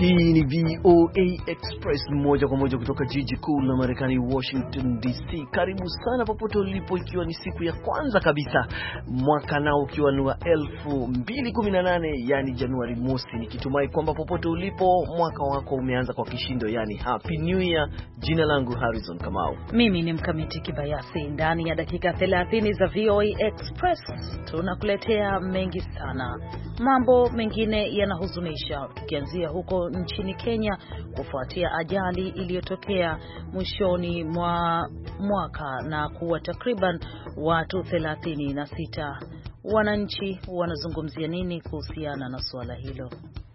Hii ni VOA Express moja kwa moja kutoka jiji kuu la Marekani, Washington DC. Karibu sana popote ulipo, ikiwa ni siku ya kwanza kabisa mwaka nao ukiwa ni wa 2018 yani Januari mosi, nikitumai kwamba popote ulipo mwaka wako umeanza kwa kishindo, yani happy new year. Jina langu Harrison Kamau, mimi ni mkamiti kibayasi. Ndani ya dakika 30 za VOA Express tunakuletea mengi sana, mambo mengine yanahuzunisha, tukianzia huko nchini Kenya kufuatia ajali iliyotokea mwishoni mwa mwaka na kuwa takriban watu 36. Wananchi wanazungumzia nini kuhusiana na suala hilo?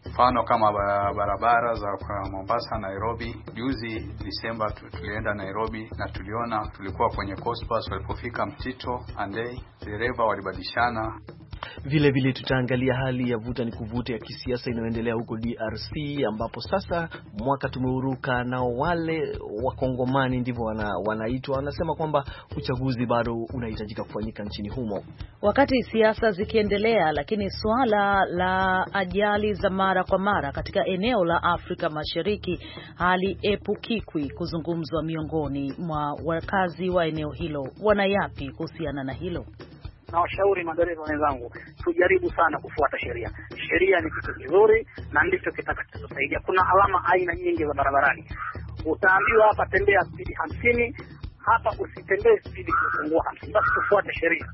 Mfano kama barabara za Mombasa, Nairobi. Juzi Disemba tulienda Nairobi na tuliona, tulikuwa kwenye Cospas, walipofika Mtito Andei, dereva walibadilishana vile vile tutaangalia hali ya vuta ni kuvuta ya kisiasa inayoendelea huko DRC, ambapo sasa mwaka tumeuruka na wale wakongomani ndivyo wana, wanaitwa wanasema kwamba uchaguzi bado unahitajika kufanyika nchini humo, wakati siasa zikiendelea. Lakini suala la ajali za mara kwa mara katika eneo la Afrika Mashariki haliepukikwi kuzungumzwa miongoni mwa wakazi wa eneo hilo. Wana yapi kuhusiana na hilo? na washauri madereva wenzangu, tujaribu sana kufuata sheria. Sheria ni kitu kizuri na ndicho kitakachotusaidia. Kuna alama aina nyingi za barabarani, utaambiwa hapa tembea spidi hamsini, hapa usitembee spidi kupungua hamsini. Basi tufuate sheria.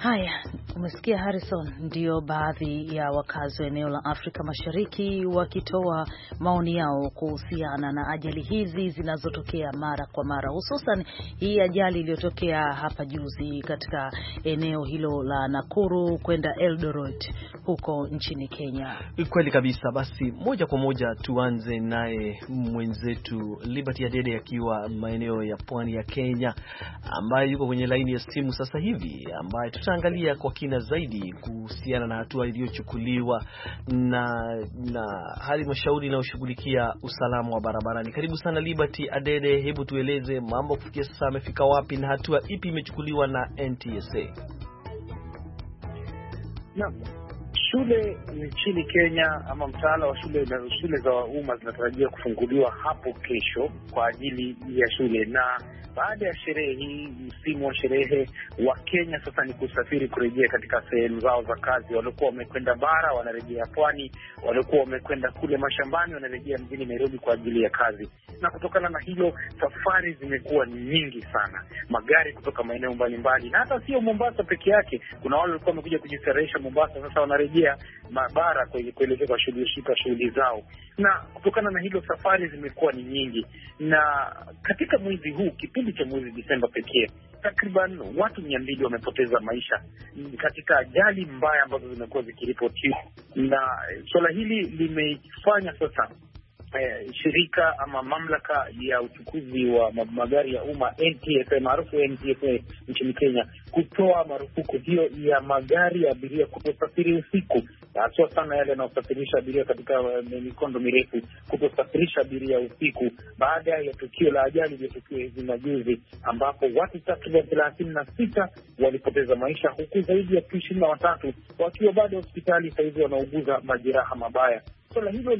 Haya, Umesikia Harrison. Ndio baadhi ya wakazi wa eneo la Afrika Mashariki wakitoa maoni yao kuhusiana na ajali hizi zinazotokea mara kwa mara, hususan hii ajali iliyotokea hapa juzi katika eneo hilo la Nakuru kwenda Eldoret huko nchini Kenya. Kweli kabisa. Basi moja kwa moja tuanze naye mwenzetu Liberty Adede akiwa maeneo ya pwani ya Kenya, ambaye yuko kwenye laini ya simu sasa hivi, ambaye tutaangalia kwa kina zaidi kuhusiana na hatua iliyochukuliwa na, na halmashauri inayoshughulikia usalama wa barabarani. Karibu sana Liberty Adede, hebu tueleze mambo kufikia sasa amefika wapi na hatua ipi imechukuliwa na NTSA? Naam. Shule nchini Kenya ama mtaala wa shule na shule za umma zinatarajia kufunguliwa hapo kesho kwa ajili ya shule. Na baada ya sherehe hii, msimu wa sherehe wa Kenya sasa ni kusafiri kurejea katika sehemu zao za kazi. Waliokuwa wamekwenda bara wanarejea pwani, waliokuwa wamekwenda kule mashambani wanarejea mjini Nairobi kwa ajili ya kazi. Na kutokana na hilo, safari zimekuwa nyingi sana, magari kutoka maeneo mbalimbali, na hata sio Mombasa peke yake. Kuna wale walikuwa wamekuja kujistarehesha Mombasa, sasa wanarejea kurejea mabara kuelekea kwa shughuli zao, na kutokana na hilo safari zimekuwa ni nyingi, na katika mwezi huu, kipindi cha mwezi Disemba pekee takriban watu mia mbili wamepoteza maisha katika ajali mbaya ambazo zimekuwa zikiripotiwa, na suala hili limefanya sasa eh, shirika ama mamlaka ya uchukuzi wa magari ya umma NTSA maarufu NTSA nchini Kenya kutoa marufuku hiyo ya magari ya abiria kutosafiri usiku, haswa sana yale yanayosafirisha abiria katika eh, mikondo mirefu, kutosafirisha abiria usiku, baada ya tukio la ajali iliyotukia hivi majuzi, ambapo watu takriban thelathini na sita walipoteza maisha, huku zaidi ya ishirini na watatu wakiwa bado hospitali sahizi wanauguza majeraha mabaya. Suala hilo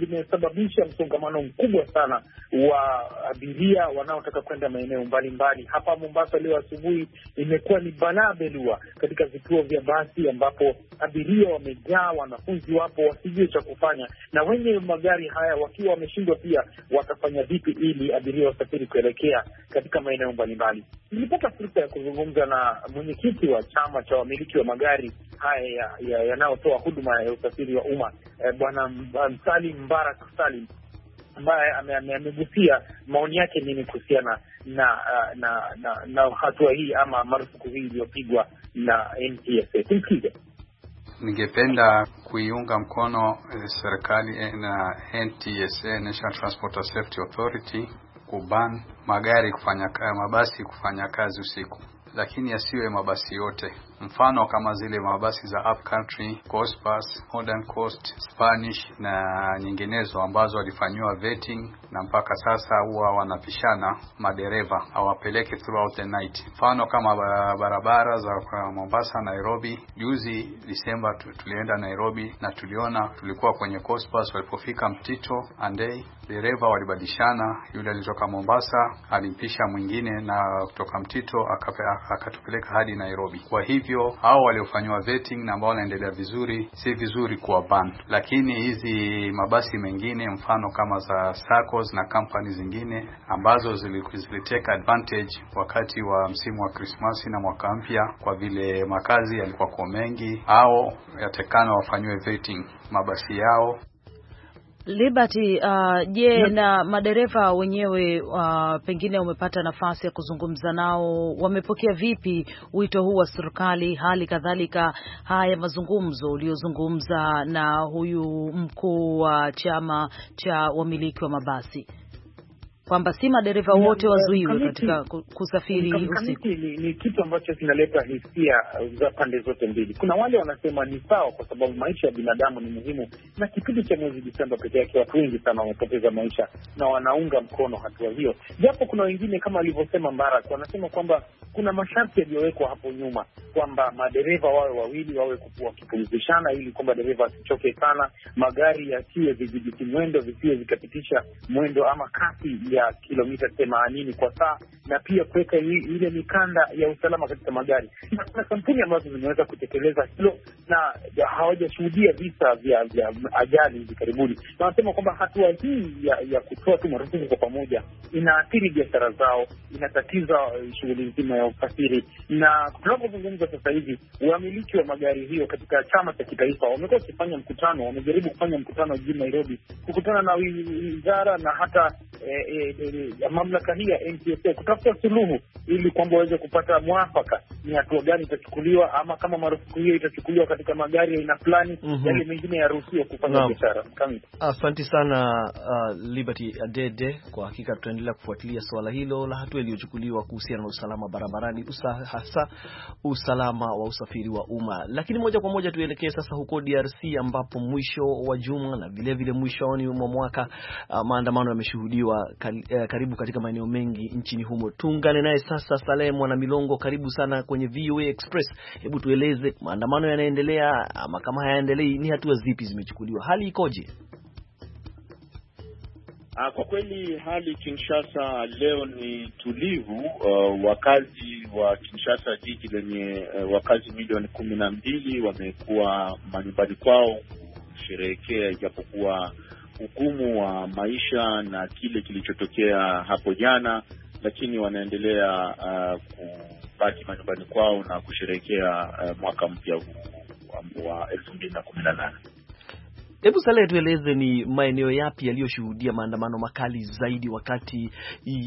limesababisha msongamano mkubwa sana wa abiria wanaotaka kwenda maeneo mbalimbali. Hapa Mombasa leo asubuhi imekuwa ni balaa belua katika vituo vya basi, ambapo abiria wamejaa, wanafunzi wapo wasijue cha kufanya, na wenye magari haya wakiwa wameshindwa pia watafanya vipi ili abiria wasafiri kuelekea katika maeneo mbalimbali. Nilipata fursa ya kuzungumza na mwenyekiti wa chama cha wamiliki wa magari haya yanayotoa ya, ya huduma ya usafiri wa umma eh, Bwana Salim Mbarak Salim ambaye amegusia maoni yake nini kuhusiana na na na, na hatua hii ama marufuku hii iliyopigwa na NTSA. Tumsikize. Ningependa kuiunga mkono eh, serikali eh, na NTSA, National Transport Safety Authority kuban magari kufanya mabasi kufanya kazi usiku, lakini yasiwe mabasi yote mfano kama zile mabasi za country, Coast pass, Modern Coast, Spanish na nyinginezo ambazo walifanyiwa vetting na mpaka sasa huwa wanapishana madereva awapeleke throughout the night. Mfano kama barabara za Mombasa, Nairobi. Juzi Disemba tulienda Nairobi na tuliona, tulikuwa kwenye Coast pass, walipofika Mtito Andei dereva walibadilishana, yule alitoka Mombasa alimpisha mwingine, na kutoka Mtito akatupeleka hadi Nairobi. Kwa hivyo hivyo hao waliofanyiwa vetting na ambao wanaendelea vizuri, si vizuri kuwa ban, lakini hizi mabasi mengine mfano kama za SACCOS na kampani zingine ambazo ziliteka advantage wakati wa msimu wa Krismasi na mwaka mpya, kwa vile makazi yalikuwa kwa mengi, hao yatakana wafanyiwe vetting mabasi yao. Liberty, uh, je, uh, na madereva wenyewe uh, pengine umepata nafasi ya kuzungumza nao, wamepokea vipi wito huu wa serikali? Hali kadhalika haya mazungumzo uliozungumza na huyu mkuu wa chama cha wamiliki wa mabasi kwamba si madereva wote eh, wazuiwe katika kusafiri usiku. Ni kitu ambacho kinaleta hisia za pande zote mbili. Kuna wale wanasema ni sawa, kwa sababu maisha ya binadamu ni muhimu, na kipindi cha mwezi Desemba peke yake watu wengi sana wamepoteza maisha na wanaunga mkono hatua hiyo, japo kuna wengine kama alivyosema Mbarak wanasema kwamba kuna masharti yaliyowekwa hapo nyuma kwamba madereva wawe wawili, wawe wakipumzishana, ili kwamba dereva asichoke sana, magari yasiwe vizidi mwendo, visiwe vikapitisha mwendo ama kasi ya ya kilomita themanini kwa saa na pia kuweka ile mikanda ya usalama katika magari. Na Kuna kampuni ambazo zimeweza kutekeleza hilo na hawajashuhudia visa vya vya ajali hivi karibuni, na wanasema kwamba hatua hii ya, ya kutoa tu marufuku kwa pamoja inaathiri biashara zao, inatatiza eh, shughuli nzima ya usafiri. Na tunavyozungumza sasa hivi, wamiliki wa magari hiyo katika chama cha kitaifa wamekuwa wakifanya mkutano, wamejaribu kufanya mkutano jijini Nairobi, kukutana na wizara na hata eh, eh, ya eh, eh, mamlaka hii ya NTSA kutafuta suluhu ili kwamba waweze kupata mwafaka, ni hatua gani itachukuliwa, ama kama marufuku hiyo itachukuliwa katika magari aina fulani, mm -hmm. yale mengine yaruhusiwe kufanya biashara. Asante sana uh, Liberty Adede. Kwa hakika tutaendelea kufuatilia swala hilo la hatua iliyochukuliwa kuhusiana na usalama barabarani, usa, hasa usalama wa usafiri wa umma. Lakini moja kwa moja tuelekee sasa huko DRC ambapo mwisho wa juma na vilevile mwishoni mwa mwaka uh, maandamano yameshuhudiwa kali uh, karibu katika maeneo mengi nchini humo. Tuungane naye sasa Salem Mwana Milongo, karibu sana kwenye VOA Express. Hebu tueleze, maandamano yanaendelea ama kama hayaendelei, ni hatua zipi zimechukuliwa? Hali ikoje? Ah, kwa kweli hali Kinshasa leo ni tulivu. Uh, wakazi wa Kinshasa, jiji lenye uh, wakazi milioni kumi na mbili, wamekuwa manyumbani kwao kusherehekea, ijapokuwa ugumu wa maisha na kile kilichotokea hapo jana, lakini wanaendelea uh, kubaki manyumbani kwao na kusherehekea uh, mwaka mpya huu wa elfu mbili na kumi na nane. Hebu Salehe, tueleze ni maeneo yapi yaliyoshuhudia maandamano makali zaidi wakati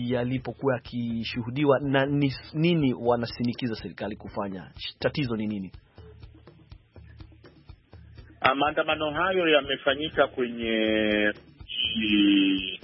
yalipokuwa yakishuhudiwa, na ni nini wanasinikiza serikali kufanya? Tatizo ni nini? Ah, maandamano hayo yamefanyika kwenye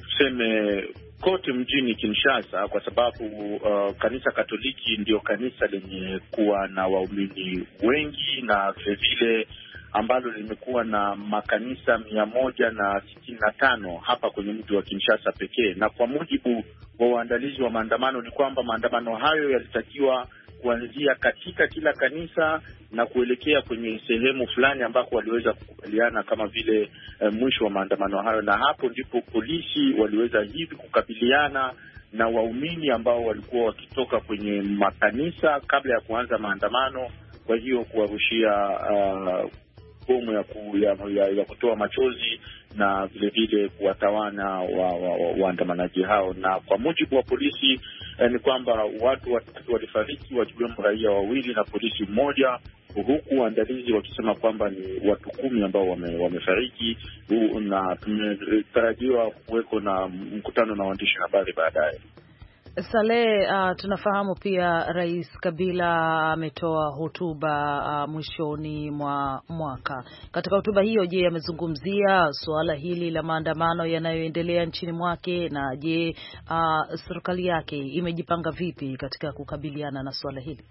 tuseme kote mjini Kinshasa kwa sababu uh, kanisa Katoliki ndio kanisa lenye kuwa na waumini wengi na vilevile ambalo limekuwa na makanisa mia moja na sitini na tano hapa kwenye mji wa Kinshasa pekee. Na kwa mujibu wa uandalizi wa maandamano ni kwamba maandamano hayo yalitakiwa kuanzia katika kila kanisa na kuelekea kwenye sehemu fulani ambako waliweza kukubaliana kama vile eh, mwisho wa maandamano hayo, na hapo ndipo polisi waliweza hivi kukabiliana na waumini ambao walikuwa wakitoka kwenye makanisa kabla ya kuanza maandamano, kwa hiyo kuwarushia uh, bomu ya, ku, ya, ya, ya kutoa machozi na vilevile kuwatawana waandamanaji wa, wa, wa hao. Na kwa mujibu wa polisi eh, ni kwamba watu watatu walifariki wakiwemo raia wawili na polisi mmoja huku waandalizi wakisema kwamba ni watu kumi ambao wamefariki wame, na tumetarajiwa kuweko na mkutano na waandishi habari baadaye. Saleh, uh, tunafahamu pia Rais Kabila ametoa hotuba uh, mwishoni mwa mwaka. Katika hotuba hiyo, je, amezungumzia suala hili la maandamano yanayoendelea nchini mwake na je, uh, serikali yake imejipanga vipi katika kukabiliana na suala hili?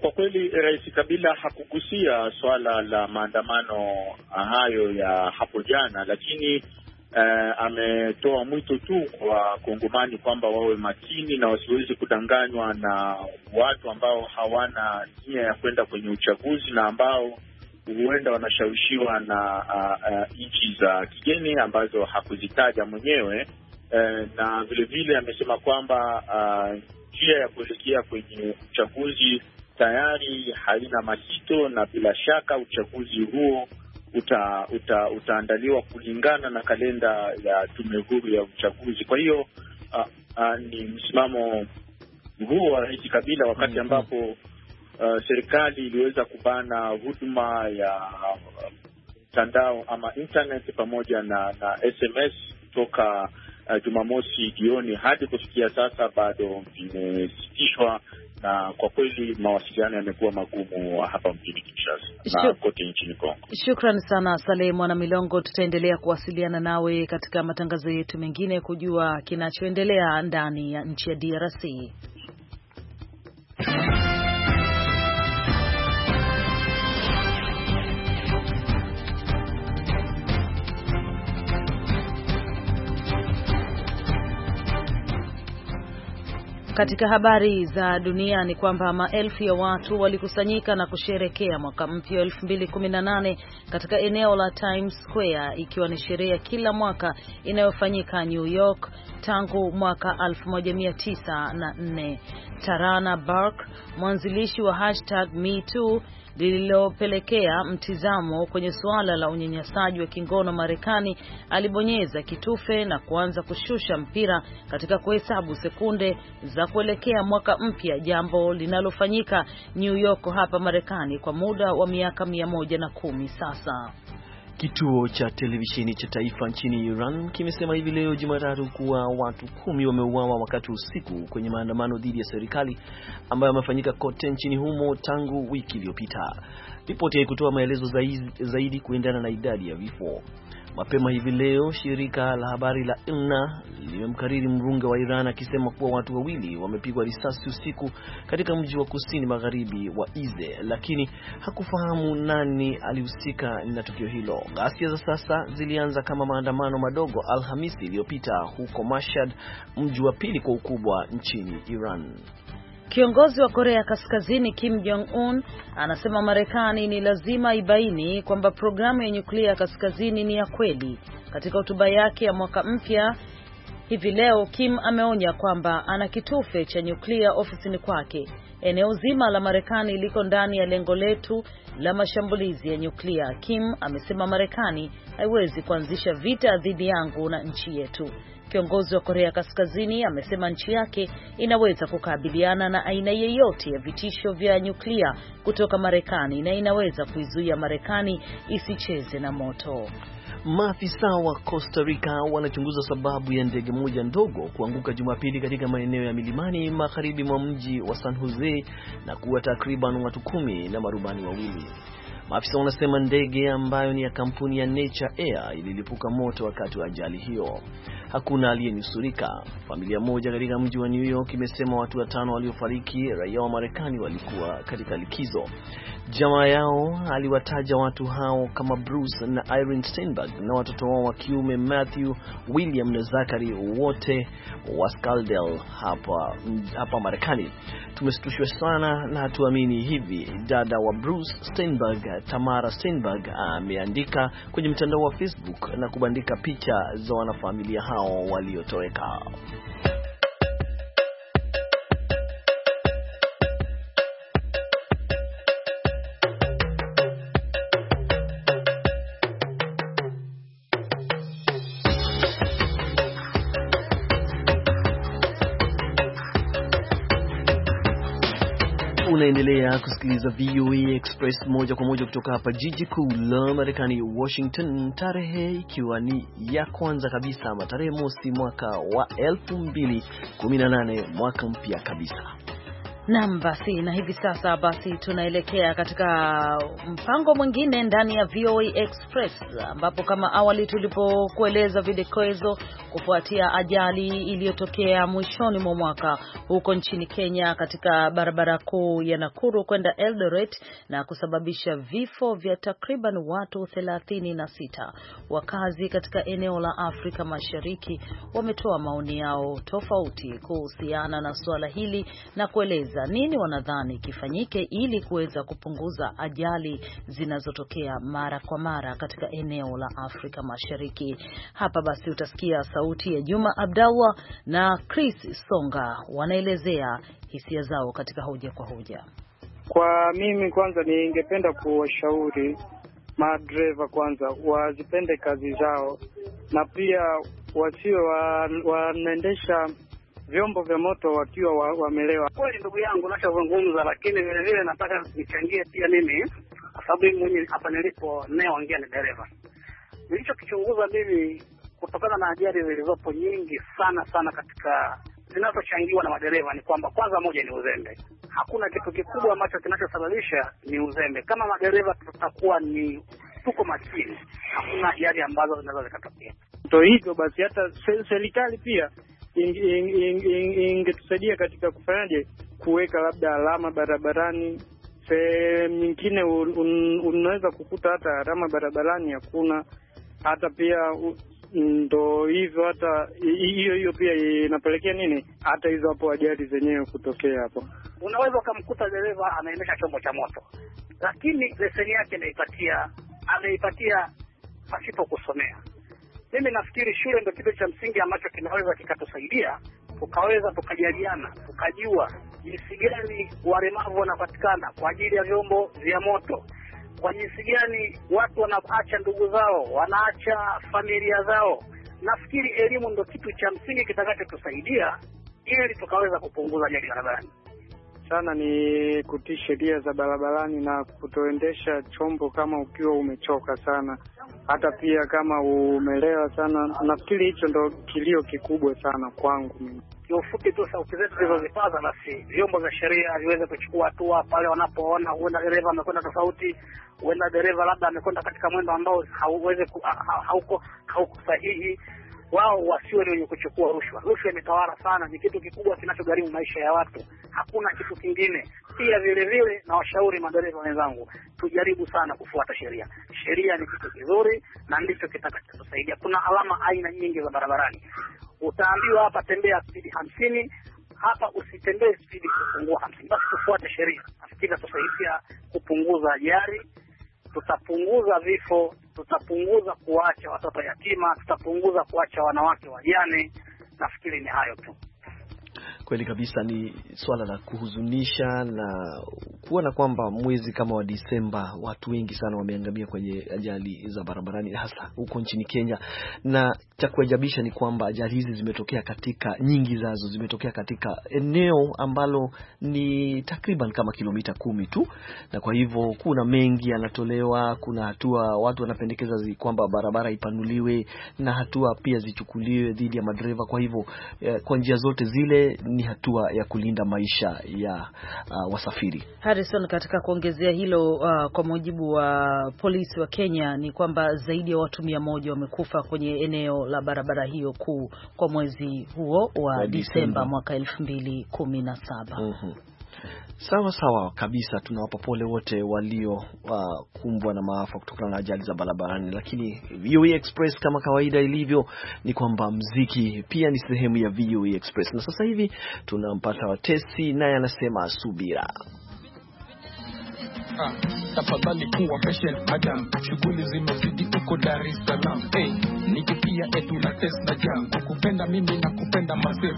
Kwa kweli Rais Kabila hakugusia suala la maandamano hayo ya hapo jana, lakini eh, ametoa mwito tu kwa wakongomani kwamba wawe makini na wasiwezi kudanganywa na watu ambao hawana nia ya kwenda kwenye uchaguzi na ambao huenda wanashawishiwa na uh, uh, nchi za kigeni ambazo hakuzitaja mwenyewe Uh, na vilevile amesema kwamba njia uh, ya kuelekea kwenye uchaguzi tayari haina masito na bila shaka uchaguzi huo uta, uta, utaandaliwa kulingana na kalenda ya tume huru ya uchaguzi. Kwa hiyo uh, uh, ni msimamo huo wa Rais Kabila wakati mm-hmm. ambapo uh, serikali iliweza kubana huduma ya mtandao uh, ama internet pamoja na, na SMS toka uh, Jumamosi jioni hadi kufikia sasa bado vimesitishwa na kwa kweli mawasiliano yamekuwa magumu hapa mjini Kinshasa na kote nchini Kongo. Shukran sana Saleh Mwana Milongo, tutaendelea kuwasiliana nawe katika matangazo yetu mengine kujua kinachoendelea ndani ya nchi ya DRC. Katika habari za dunia ni kwamba maelfu ya watu walikusanyika na kusherekea mwaka mpya wa 2018 katika eneo la Times Square ikiwa ni sherehe ya kila mwaka inayofanyika New York tangu mwaka 1994. Tarana Burke, mwanzilishi wa hashtag MeToo lililopelekea mtizamo kwenye suala la unyanyasaji wa kingono Marekani, alibonyeza kitufe na kuanza kushusha mpira katika kuhesabu sekunde za kuelekea mwaka mpya, jambo linalofanyika New York hapa Marekani kwa muda wa miaka mia moja na kumi sasa. Kituo cha televisheni cha taifa nchini Iran kimesema hivi leo Jumatatu kuwa watu kumi wameuawa wakati usiku kwenye maandamano dhidi ya serikali ambayo yamefanyika kote nchini humo tangu wiki iliyopita. Ripoti haikutoa maelezo zaidi kuendana na idadi ya vifo. Mapema hivi leo shirika la habari la IRNA limemkariri mbunge wa Iran akisema kuwa watu wawili wamepigwa risasi usiku katika mji wa kusini magharibi wa Ize, lakini hakufahamu nani alihusika na tukio hilo. Ghasia za sasa zilianza kama maandamano madogo Alhamisi iliyopita huko Mashhad, mji wa pili kwa ukubwa nchini Iran. Kiongozi wa Korea Kaskazini Kim Jong Un anasema Marekani ni lazima ibaini kwamba programu ya nyuklia ya kaskazini ni ya kweli. Katika hotuba yake ya mwaka mpya hivi leo, Kim ameonya kwamba ana kitufe cha nyuklia ofisini kwake. Eneo zima la Marekani liko ndani ya lengo letu la mashambulizi ya nyuklia. Kim amesema Marekani haiwezi kuanzisha vita dhidi yangu na nchi yetu. Kiongozi wa Korea Kaskazini amesema nchi yake inaweza kukabiliana na aina yeyote ya vitisho vya nyuklia kutoka Marekani na inaweza kuizuia Marekani isicheze na moto. Maafisa wa Costa Rica wanachunguza sababu ya ndege moja ndogo kuanguka Jumapili katika maeneo ya milimani magharibi mwa mji wa San Jose na kuwa takriban watu kumi na marubani wawili. Maafisa wanasema ndege ambayo ni ya kampuni ya Nature Air ililipuka moto wakati wa ajali hiyo. Hakuna aliyenusurika. Familia moja katika mji wa New York imesema watu watano waliofariki raia wa Marekani walikuwa katika likizo. Jamaa yao aliwataja watu hao kama Bruce na Irene Steinberg na watoto wao wa kiume Matthew, William na Zachary, wote wa skaldel hapa, hapa Marekani. Tumeshtushwa sana na hatuamini hivi, dada wa Bruce Steinberg Tamara Steinberg ameandika kwenye mtandao wa Facebook na kubandika picha za wanafamilia hao waliotoweka. Unaendelea kusikiliza VOA Express moja kwa moja kutoka hapa jiji kuu la Marekani, Washington, tarehe ikiwa ni ya kwanza kabisa ama tarehe mosi mwaka wa 2018 mwaka mpya kabisa. Nam basi, na hivi sasa basi tunaelekea katika mpango mwingine ndani ya VOA Express, ambapo kama awali tulipokueleza vidokezo, kufuatia ajali iliyotokea mwishoni mwa mwaka huko nchini Kenya katika barabara kuu ya Nakuru kwenda Eldoret na kusababisha vifo vya takriban watu 36, wakazi katika eneo la Afrika Mashariki wametoa maoni yao tofauti kuhusiana na suala hili na kueleza kuuliza nini wanadhani kifanyike ili kuweza kupunguza ajali zinazotokea mara kwa mara katika eneo la Afrika Mashariki. Hapa basi utasikia sauti ya Juma Abdallah na Chris Songa wanaelezea hisia zao katika hoja kwa hoja. Kwa mimi kwanza, ningependa kuwashauri madereva kwanza wazipende kazi zao na pia wasio wanaendesha vyombo vya moto wakiwa wamelewa. Kweli ndugu yangu, unachozungumza lakini vilevile nataka nichangie pia mimi, kwa sababu mimi mwenyewe hapa nilipo naongea ni dereva. Nilichokichunguza mimi kutokana na ajali zilizopo nyingi sana sana katika zinazochangiwa na madereva ni kwamba kwanza, moja ni uzembe. Hakuna kitu kikubwa ambacho kinachosababisha ni uzembe. Kama madereva tutakuwa ni tuko makini, hakuna ajali ambazo zinaweza zikatokea. To hivyo basi, hata serikali pia ingetusaidia ing, ing, katika kufanyaje kuweka labda alama barabarani. Sehemu nyingine unaweza kukuta hata alama barabarani hakuna, hata pia ndo hivyo, hata hiyo hiyo pia inapelekea nini, hata hizo hapo ajali zenyewe kutokea. Hapo unaweza ukamkuta dereva anaendesha chombo cha moto, lakini leseni yake anaipatia anaipatia pasipo kusomea mimi nafikiri shule ndio kitu cha msingi ambacho kinaweza kikatusaidia, tukaweza tukajaliana, tukajua jinsi gani walemavu wanapatikana kwa ajili ya vyombo vya moto, kwa jinsi gani watu wanaacha ndugu zao, wanaacha familia zao. Nafikiri elimu ndio kitu cha msingi kitakachotusaidia ili tukaweza kupunguza ajali barabarani sana ni kutii sheria za barabarani na kutoendesha chombo kama ukiwa umechoka sana, hata pia kama umelewa sana. Nafikiri hicho ndo kilio kikubwa sana kwangu mimi. Kiufupi tu sauti zetu zilizozipaza, basi vyombo vya sheria viweze kuchukua hatua pale wanapoona huenda dereva amekwenda tofauti, huenda dereva labda amekwenda katika mwendo ambao hauwezi hauko hauko sahihi wao wasiwe ni wenye kuchukua rushwa. Rushwa imetawala sana, ni kitu kikubwa kinachogharimu maisha ya watu, hakuna kitu kingine. Pia vile vile na washauri madereva wenzangu, tujaribu sana kufuata sheria. Sheria ni kitu kizuri na ndicho kitakachotusaidia. Kuna alama aina nyingi za barabarani, utaambiwa hapa tembea spidi hamsini hapa usitembee spidi kupungua hamsini. Basi tufuate sheria, nafikiri atusaidia kupunguza ajali tutapunguza vifo, tutapunguza kuacha watoto yatima, tutapunguza kuacha wanawake wajane. Nafikiri ni hayo tu. Kweli kabisa, ni swala la kuhuzunisha na kuona kwamba mwezi kama wa Disemba watu wengi sana wameangamia kwenye ajali za barabarani, hasa huko nchini Kenya. Na cha kuajabisha ni kwamba ajali hizi zimetokea katika, nyingi zazo zimetokea katika eneo ambalo ni takriban kama kilomita kumi tu, na kwa hivyo kuna mengi yanatolewa. Kuna hatua watu wanapendekeza kwamba barabara ipanuliwe na hatua pia zichukuliwe dhidi ya madereva. Kwa hivyo eh, kwa njia zote zile ni ni hatua ya kulinda maisha ya uh, wasafiri. Harrison, katika kuongezea hilo uh, kwa mujibu wa polisi wa Kenya ni kwamba zaidi ya watu mia moja wamekufa kwenye eneo la barabara hiyo kuu kwa mwezi huo wa Disemba mwaka elfu mbili kumi na saba. Mhm. Sawa sawa kabisa, tunawapa pole wote waliokumbwa uh, na maafa kutokana na ajali za barabarani. Lakini VOA e Express kama kawaida ilivyo ni kwamba mziki pia ni sehemu ya VOA e Express, na sasa hivi tunampata Watesi naye anasema subira ha, ah, tafadhali kuwa patient madam, shughuli zimezidi huko Dar es Salaam. Hey, nikipia etu na test na jam, kukupenda mimi na kupenda mazee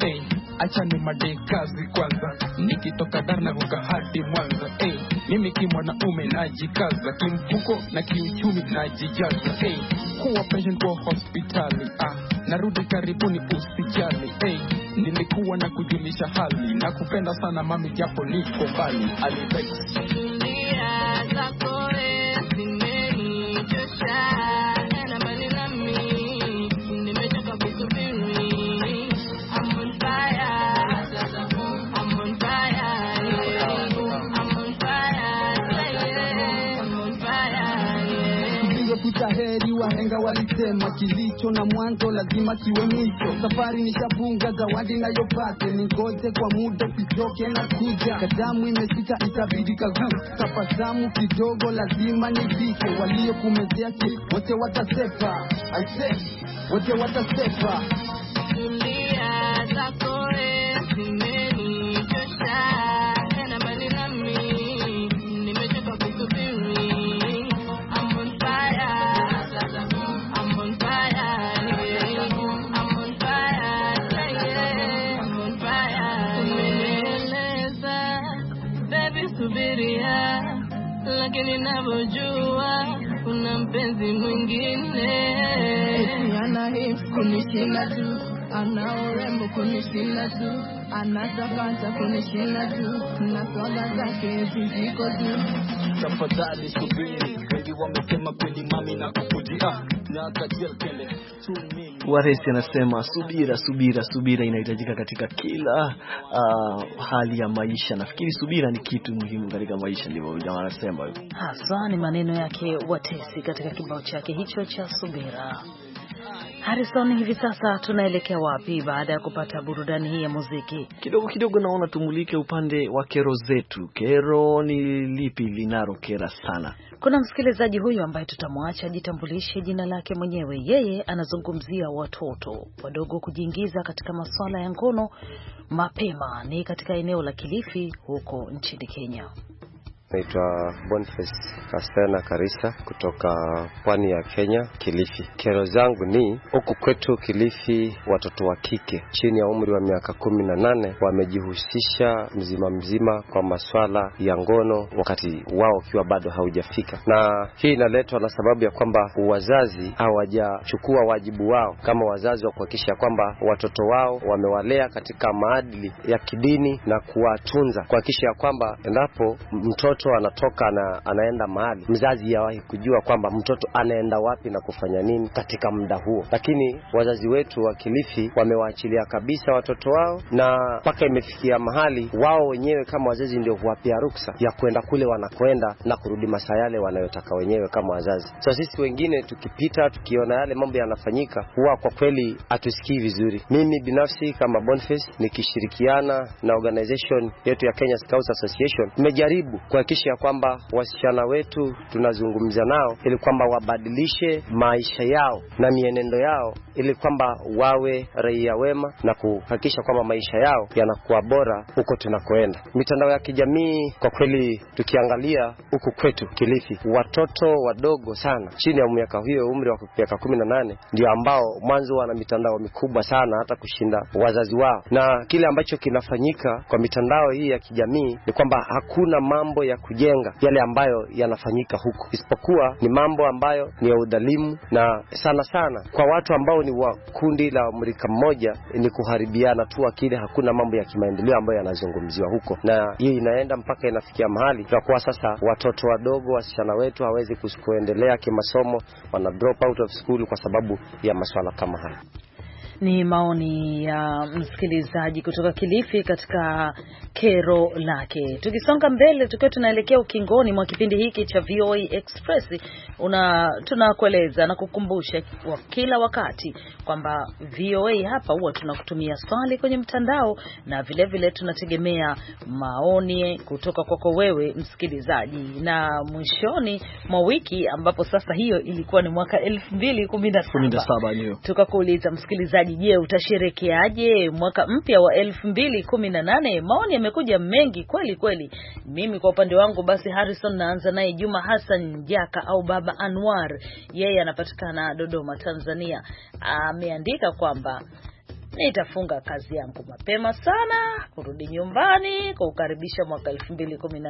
hey acha ni madei kazi kwanza, nikitoka Dar naruka hadi Mwanza. Hey, mimi kimwanaume najikaza, kimfuko na kiuchumi najijaza. Hey, kuwa patient kwa hospitali ah, narudi karibuni, usijali hey, nilikuwa na kujulisha hali na kupenda sana mami, japo niko mbali alivex Wahenga walisema kilicho na mwanzo lazima kiwe mwisho. Safari nishafunga, zawadi nayopate ningoje kwa muda usichoke na kuja. Kadamu imesita itabidi kaguu tafasamu kidogo, lazima nifike. Waliokumezea wote watasepa, wote watasepa unavyojua kuna mpenzi mwingine ana hips kunishinda tu ana urembo kunishinda tu anatapata kunishinda tu na swaga zake ziziko tu tafadhali subiri wamesema kweli mami na ah, na kele Waresi anasema subira, subira, subira inahitajika katika kila uh, hali ya maisha. Nafikiri subira ni kitu muhimu katika maisha, ndivyo jamaa anasema hivyo. Hasa ni maneno yake Watesi katika kibao chake hicho cha subira. Harrison, hivi sasa tunaelekea wapi baada ya kupata burudani hii ya muziki? Kidogo kidogo naona tumulike upande wa kero zetu. Kero ni lipi linalokera sana? Kuna msikilizaji huyu ambaye tutamwacha ajitambulishe jina lake mwenyewe. Yeye anazungumzia watoto wadogo kujiingiza katika masuala ya ngono mapema, ni katika eneo la Kilifi huko nchini Kenya. Naitwa Boniface Kastena Karisa kutoka pwani ya Kenya, Kilifi. Kero zangu ni huku kwetu Kilifi, watoto wa kike chini ya umri wa miaka kumi na nane wamejihusisha mzima mzima kwa maswala ya ngono, wakati wao ukiwa bado haujafika, na hii inaletwa na sababu ya kwamba wazazi hawajachukua wajibu wao kama wazazi wa kuhakikisha kwamba watoto wao wamewalea katika maadili ya kidini na kuwatunza, kuhakikisha ya kwamba endapo mtoto mtoto anatoka na anaenda mahali, mzazi yawahi kujua kwamba mtoto anaenda wapi na kufanya nini katika muda huo, lakini wazazi wetu wa Kilifi wamewaachilia kabisa watoto wao, na mpaka imefikia mahali wao wenyewe kama wazazi ndio huwapia ruksa ya kwenda kule wanakwenda na kurudi masaa yale wanayotaka wenyewe kama wazazi. So sisi wengine tukipita, tukiona yale mambo yanafanyika, huwa kwa kweli hatusikii vizuri. Mimi binafsi kama Boniface nikishirikiana na organization yetu ya Kenya Scouts Association tumejaribu kwa kuhakikisha ya kwamba wasichana wetu tunazungumza nao ili kwamba wabadilishe maisha yao na mienendo yao ili kwamba wawe raia wema na kuhakikisha kwamba maisha yao yanakuwa bora huko tunakoenda. Mitandao ya kijamii kwa kweli, tukiangalia huku kwetu Kilifi, watoto wadogo sana chini ya miaka hiyo, umri wa miaka kumi na nane, ndio ambao mwanzo wana mitandao mikubwa sana hata kushinda wazazi wao. Na kile ambacho kinafanyika kwa mitandao hii ya kijamii ni kwamba hakuna mambo ya kujenga yale ambayo yanafanyika huku, isipokuwa ni mambo ambayo ni ya udhalimu, na sana sana kwa watu ambao ni wa kundi la mrika mmoja, ni kuharibiana tu akili. Hakuna mambo ya kimaendeleo ambayo yanazungumziwa huko, na hii inaenda mpaka inafikia mahali tunakuwa sasa, watoto wadogo, wasichana wetu hawezi kuendelea kimasomo, wana drop out of school kwa sababu ya maswala kama haya. Ni maoni ya msikilizaji kutoka Kilifi katika kero lake. Tukisonga mbele, tukiwa tunaelekea ukingoni mwa kipindi hiki cha VOA Express, una tunakueleza na kukumbusha wa kila wakati kwamba VOA hapa huwa tunakutumia swali kwenye mtandao na vilevile vile tunategemea maoni kutoka kwako wewe msikilizaji. Na mwishoni mwa wiki ambapo sasa hiyo ilikuwa ni mwaka 2017 tukakuuliza msikilizaji msikilizaji, je, utasherekeaje mwaka mpya wa elfu mbili kumi na nane? Maoni yamekuja mengi kweli kweli. Mimi kwa upande wangu basi, Harrison naanza naye. Juma Hassan Jaka au Baba Anwar, yeye anapatikana Dodoma, Tanzania, ameandika kwamba nitafunga kazi yangu mapema sana, kurudi nyumbani kukaribisha mwaka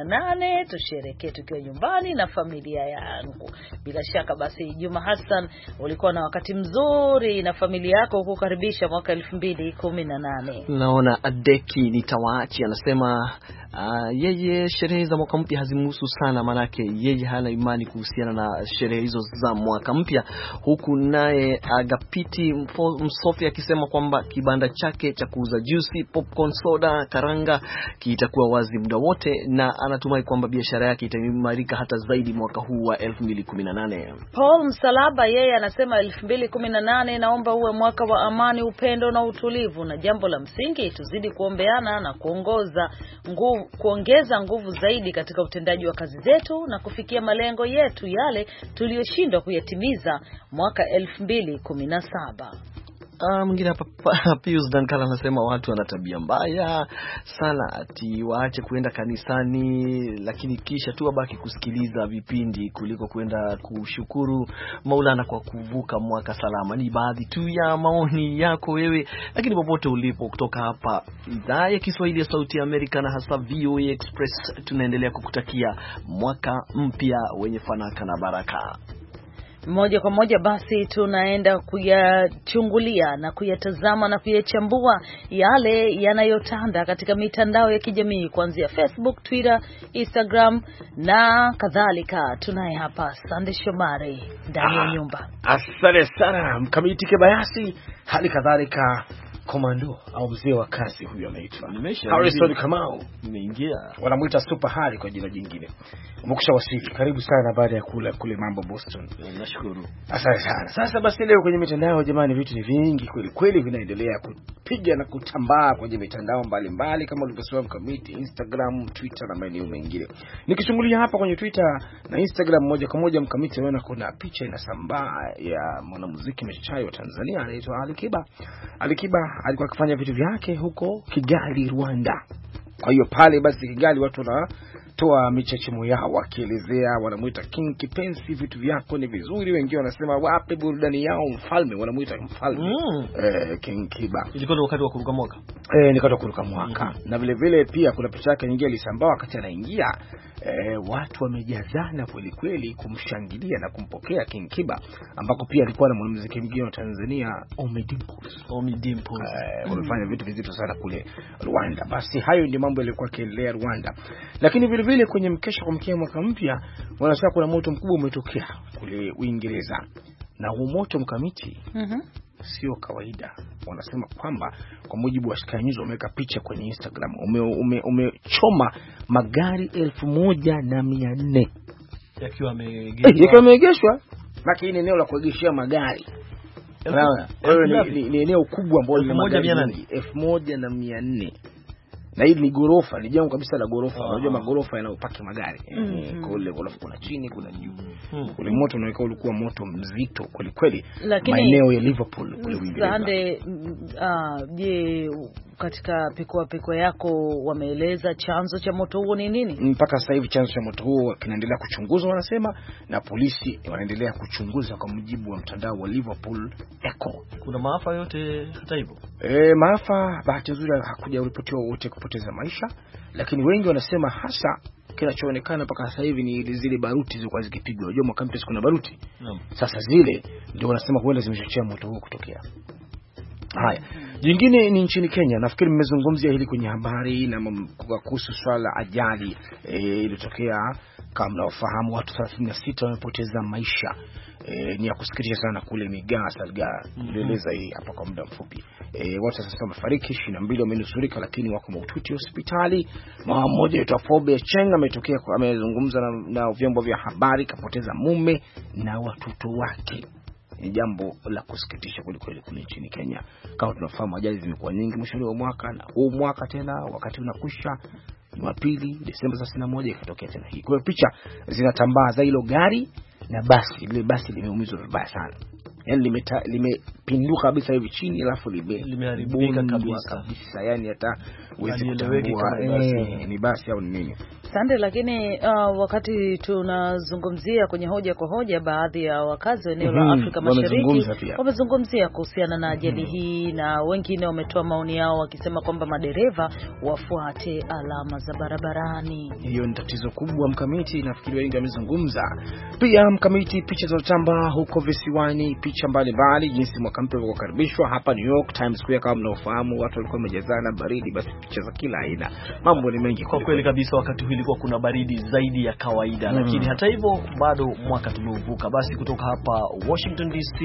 nane tusherekee tukiwa nyumbani na familia yangu. Bila shaka basi, Juma Hassan, ulikuwa na wakati mzuri na familia yako kukaribisha mwaka elfu2 nane Naona Adeki nitawaachi anasema Uh, yeye sherehe za mwaka mpya hazimhusu sana, maanake yeye hana imani kuhusiana na sherehe hizo za mwaka mpya, huku naye Agapiti Msofi akisema kwamba kibanda chake cha kuuza juisi, popcorn, soda, karanga kitakuwa wazi muda wote na anatumai kwamba biashara yake itaimarika hata zaidi mwaka huu wa 2018. Paul Msalaba yeye anasema 2018 naomba uwe mwaka wa amani, upendo na utulivu, na jambo la msingi tuzidi kuombeana na kuongoza nguvu kuongeza nguvu zaidi katika utendaji wa kazi zetu na kufikia malengo yetu yale tuliyoshindwa kuyatimiza mwaka 2017. Uh, mwingine hapa Pius Dankala anasema watu wana tabia mbaya sana, ati waache kuenda kanisani, lakini kisha tu wabaki kusikiliza vipindi kuliko kuenda kushukuru Maulana kwa kuvuka mwaka salama. Ni baadhi tu ya maoni yako wewe, lakini popote ulipo, kutoka hapa idhaa ya Kiswahili ya Sauti ya Amerika na hasa VOA Express, tunaendelea kukutakia mwaka mpya wenye fanaka na baraka. Moja kwa moja basi tunaenda kuyachungulia na kuyatazama na kuyachambua yale yanayotanda katika mitandao ya kijamii kuanzia Facebook, Twitter, Instagram na kadhalika. Tunaye hapa Sande Shomari ndani ya ah, nyumba. Asante sana Mkamiti Kibayasi, hali kadhalika komando au mzee wa kasi huyo anaitwa Harrison Kamau, nimeingia wanamuita Super Harry kwa jina jingine. Umekusha wasili, karibu sana baada ya kula kule mambo Boston. Nashukuru, asante sana. Sasa basi, leo kwenye mitandao jamani, vitu ni vingi kweli kweli, vinaendelea kupiga na kutambaa kwenye mitandao mbalimbali, kama ulivyosema mkamiti, Instagram, Twitter na maeneo mengine. Nikichungulia hapa kwenye Twitter na Instagram moja kwa moja, mkamiti, naona kuna picha inasambaa ya mwanamuziki mchachai wa Tanzania anaitwa Alikiba Alikiba alikuwa akifanya vitu vyake huko Kigali, Rwanda. Kwa hiyo pale basi Kigali watu wana wametoa michachimo yao wakielezea, wanamwita King Kipenzi, vitu vyako ni vizuri. Wengine wanasema wape burudani yao mfalme, wanamwita mfalme mm. eh, King Kiba. Ilikuwa ni wakati wa kuruka mwaka eh, ni wakati wa kuruka mwaka mm -hmm. na vile vile pia kuna picha yake nyingine ilisambaa wakati anaingia eh, watu wamejazana kweli kweli kumshangilia na kumpokea King Kiba, ambako pia alikuwa na mwanamuziki mwingine wa Tanzania Ommy Dimpoz. Ommy Dimpoz eh, mm. wamefanya mm. vitu vizito sana kule Rwanda. Basi hayo ndio mambo yalikuwa yakiendelea Rwanda, lakini vile vile kwenye mkesha mkia mwaka mpya, wanasema kuna moto mkubwa umetokea kule Uingereza, na huu moto mkamiti mm -hmm. sio kawaida. Wanasema kwamba kwa mujibu wa Sky News, wameweka picha kwenye Instagram, umechoma ume, ume magari elfu moja na mia nne yakiwa yameegeshwa maki hii ni eneo la kuegeshea magari ni eneo kubwa ambalo lina magari elfu moja na mia nne na hili ni gorofa, ni jengo kabisa la gorofa. Ah. Unajua oh, magorofa yanayopaki magari mm. -hmm. Kule gorofa kuna chini, kuna juu mm. -hmm. Kule moto unaweka ulikuwa moto mzito kweli kweli, maeneo ya Liverpool kule Uingereza. Mm, ah, je, katika pekua pekua yako wameeleza chanzo cha moto huo ni nini? Mpaka sasa hivi chanzo cha moto huo kinaendelea kuchunguzwa, wanasema na polisi wanaendelea kuchunguza, kwa mujibu wa mtandao wa Liverpool Echo. Kuna maafa yote hata hivyo? E, maafa bahati nzuri hakuja hakujaripotiwa wote kupoteza maisha, lakini wengi wanasema hasa kinachoonekana mpaka sasa hivi ni zile baruti zilikuwa zikipigwa. Unajua mwaka mpya kuna baruti no. Sasa zile ndio wanasema huenda zimechochea moto huo kutokea. Haya, jingine ni nchini Kenya. Nafikiri mmezungumzia hili kwenye habari na kuhusu swala la ajali eh, iliyotokea. E, kama mnaofahamu watu 36 wamepoteza maisha e, ni ya kusikitisha sana kule Migaa Salga mhm. nilieleza mm -hmm. hii hapa kwa muda mfupi eh, e, watu sasa wamefariki, ishirini na mbili wamenusurika, lakini wako mahututi hospitali. Mama mmoja aitwa Fobe Cheng ametokea amezungumza na, na vyombo vya habari, kapoteza mume na watoto wake. Ni jambo la kusikitisha kwelikweli kule nchini Kenya. Kama tunafahamu ajali zimekuwa nyingi mwishoni wa mwaka na huu mwaka tena, wakati unakwisha Jumapili Desemba 31 ikatokea tena hii. Kwa hiyo picha zinatambaa za hilo gari na basi lile basi limeumizwa vibaya sana, yani limepinduka kabisa hivi chini, alafu limeharibika kabisa kabisa, yani hata uwezi kutambua eh, ni basi au ni nini. Sande, lakini uh, wakati tunazungumzia kwenye hoja kwa hoja, baadhi ya wakazi wa eneo la mm-hmm. Afrika Mashariki wamezungumzia kuhusiana na ajali mm -hmm. hii, na wengine wametoa maoni yao wakisema kwamba madereva wafuate alama za barabarani. Hiyo ni tatizo kubwa, Mkamiti. Nafikiri wengi wamezungumza pia, Mkamiti. Picha utamba huko visiwani, picha mbalimbali, jinsi mwaka mpya ulivyokaribishwa hapa New York Times Square. Kama mnaofahamu, watu walikuwa wamejazana baridi, basi picha za kila aina, mambo ni mengi kwa kweli kabisa wakati huu ilikuwa kuna baridi zaidi ya kawaida mm. Lakini hata hivyo bado mwaka tumeuvuka. Basi kutoka hapa Washington DC,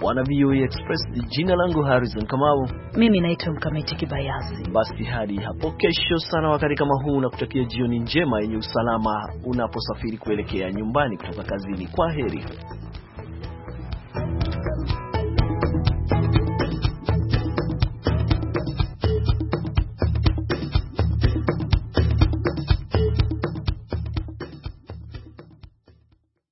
bwana VOA Express, jina langu Harrison Kamau, mimi naitwa Mkamiti Kibayasi. Basi hadi hapo kesho sana wakati kama huu, nakutakia jioni njema yenye usalama unaposafiri kuelekea nyumbani kutoka kazini. Kwa heri.